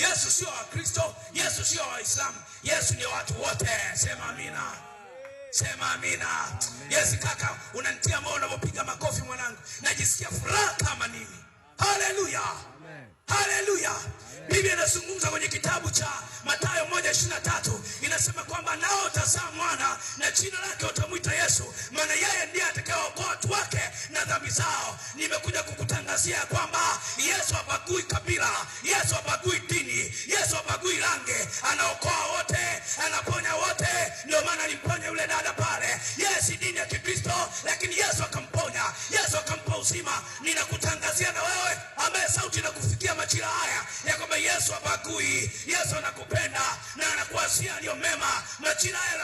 Yesu sio Wakristo, Yesu sio Waislamu, Yesu ni watu wote. Sema amina, sema amina. Yesu kaka, unanitia moyo unapopiga makofi mwanangu, najisikia furaha kama nini. Haleluya, haleluya. Biblia inazungumza kwenye kitabu cha Mathayo moja ishirini na tatu inasema kwamba nao utazaa mwana na jina lake utamwita Yesu, maana yeye ndiye atakayeokoa watu wake na dhambi zao. Nimekuja kukutangazia kwamba Yesu hapagui kabila Bwana aliponya yule dada pale. yeye si dini ya Kikristo, lakini Yesu akamponya, Yesu akampa uzima. Ninakutangazia na wewe ambaye sauti kufikia majira haya ya kwamba Yesu abagui, Yesu anakupenda na anakuasia aliyo mema majira haya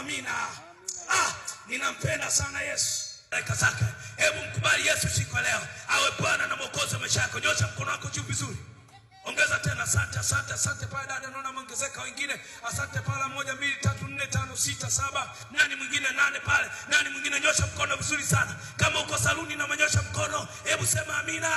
amina. Ah, ninampenda sana Yesu dakika zake. Hebu mkubali Yesu siku leo awe Bwana na Mwokozi wa maisha yako. Nyosha mkono wako juu vizuri, ongeza tena. Asante, asante, asante pale dada, naona mwongezeka wengine. Asante pale, moja, mbili, tatu, nne, tano, sita, saba. Nani mwingine? Nane pale. Nani mwingine? Nyosha mkono vizuri sana. Kama uko saluni na manyosha mkono, hebu sema amina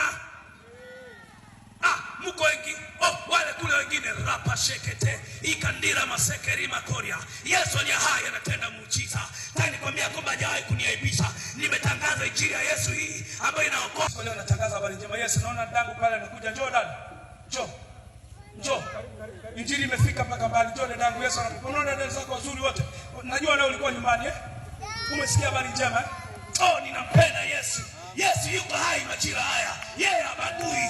mko wengi oh, wale kule wengine rapa shekete ikandira masekeri makoria. Yesu aliye hai anatenda muujiza. Tani nikwambia kwamba hajawahi kuniaibisha. Nimetangaza injili ya Yesu hii ambayo inaokoa. leo natangaza habari njema. Yesu, naona dangu pale anakuja. Njoo dada, njoo njoo, injili imefika mpaka mbali. Njoo dadangu, Yesu unaona Dada zako wazuri wote, najua leo ulikuwa nyumbani eh, umesikia habari njema eh? Oh, ninampenda Yesu. Yesu yuko hai majira haya, yeye yeah, abadui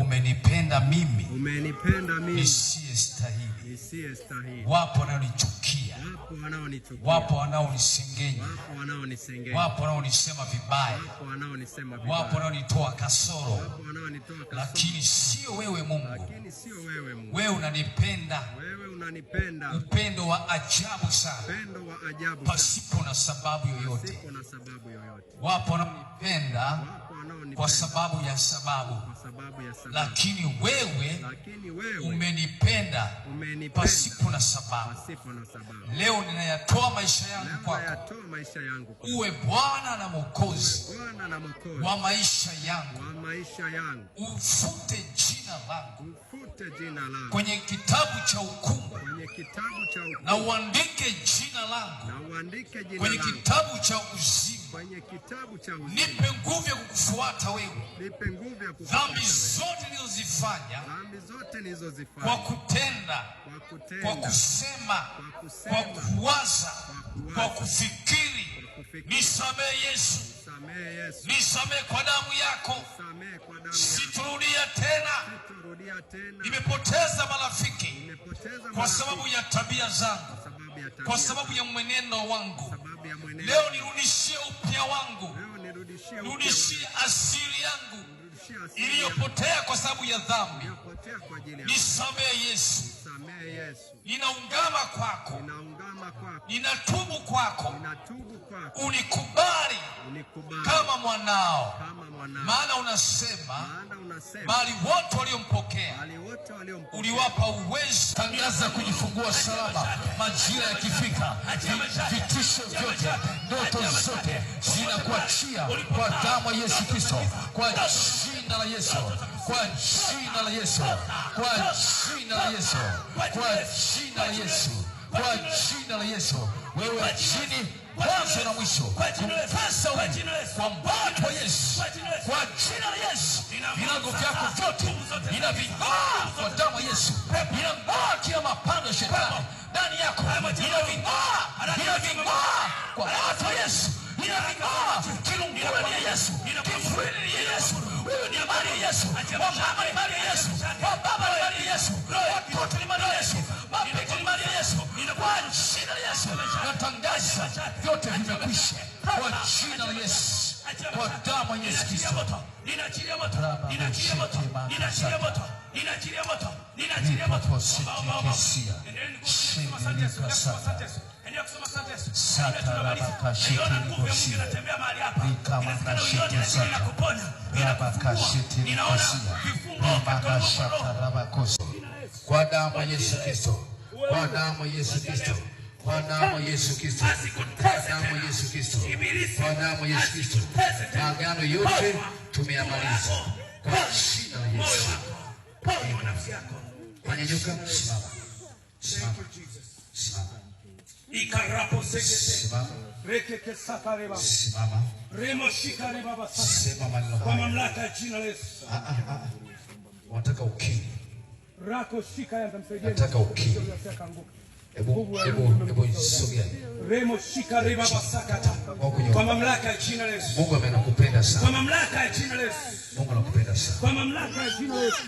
umenipenda mimi, umenipenda mimi nisiye stahili. Wapo wanaonichukia, wapo wanaonisengenya, wapo wanaonisema vibaya, wapo wanaonitoa kasoro, lakini sio wewe Mungu. Wewe unanipenda upendo wa ajabu sana, pasipo na sababu yoyote. Wapo wanaonipenda kwa sababu ya sababu, lakini wewe, lakini wewe umenipenda, umenipenda pasipo na sababu. Leo ninayatoa maisha yangu kwako, uwe Bwana na Mwokozi wa maisha yangu, ufute jina lako kwenye kitabu cha hukumu, na uandike jina lako kwenye kitabu cha uzimu. Nipe nguvu ya kukufuata wewe, dhambi zote nilizozifanya kwa kutenda, kwa kusema, kwa kuwaza, kwa kufikiri. Nisamehe Yesu, nisamehe kwa damu yako sitorudia tena, nimepoteza marafiki kwa sababu ya tabia zangu, kwa sababu ya mwenendo wangu. Leo nirudishie upya wangu, nirudishie asili yangu iliyopotea kwa sababu ya dhambi. Nisamehe Yesu. Nisamee Yesu. Ninaungama kwako. Ninaungama kwako. Ninatubu kwako. Ninatubu kwako. Unikubali. Unikubali. Kama mwanao. Kama mwanao. Maana unasema. Maana unasema. Bali wote waliompokea. Bali wote waliompokea. Uliwapa uwezo. Tangaza kujifungua salama. Majira yakifika. Vitisho vyote, ndoto zote zinakuachia kwa damu ya Yesu Kristo. Kwa jina jina la Yesu, kwa jina la Yesu, kwa jina la Yesu, kwa jina la Yesu, kwa jina la Yesu, wewe chini kwanza na mwisho kumpasa kwa mbali kwa Yesu, kwa jina la Yesu, vilago vyako vyote vinaving'oa kwa damu ya Yesu, vinang'oa ya mapando ya shetani ndani yako, vinaving'oa, vinaving'oa kwa damu ya Yesu, vinaving'oa, kilungu ya Yesu, kifwili ya Yesu Huyu ni habari ya Yesu. Mama ni habari ya Yesu. Baba ni habari ya Yesu. Watoto ni habari ya Yesu. Mapepo ni habari ya Yesu. Kwa jina la Yesu natangaza vyote vimekwisha. Kwa jina la Yesu. Kwa damu ya Yesu Kristo. Ninaachilia moto. Ninaachilia moto. Ninaachilia moto. Ninaachilia moto. Ninaachilia moto. Ninaachilia moto. Ninaachilia moto natembea kwa damu Yesu Kristo, kwa damu Yesu Kristo, kwa damu Yesu Kristo, kwa damu Yesu Kristo, kwa damu Yesu Kristo, maagano yote tumeyamaliza kwa jina la Yesu. Simama, simama, simama ikarapo segete rekete sakareba remo kwa mamlaka ya jina la Yesu. Ah, ah, ah, Wataka ukimya rako shika ya msaidia, nataka ukimya. Hebu hebu hebu sogea, remo shika reba basakata kwa mamlaka ya jina la Yesu. Mungu amenakupenda sana, kwa mamlaka ya jina la Yesu. Mungu anakupenda sana, kwa mamlaka ya jina la Yesu.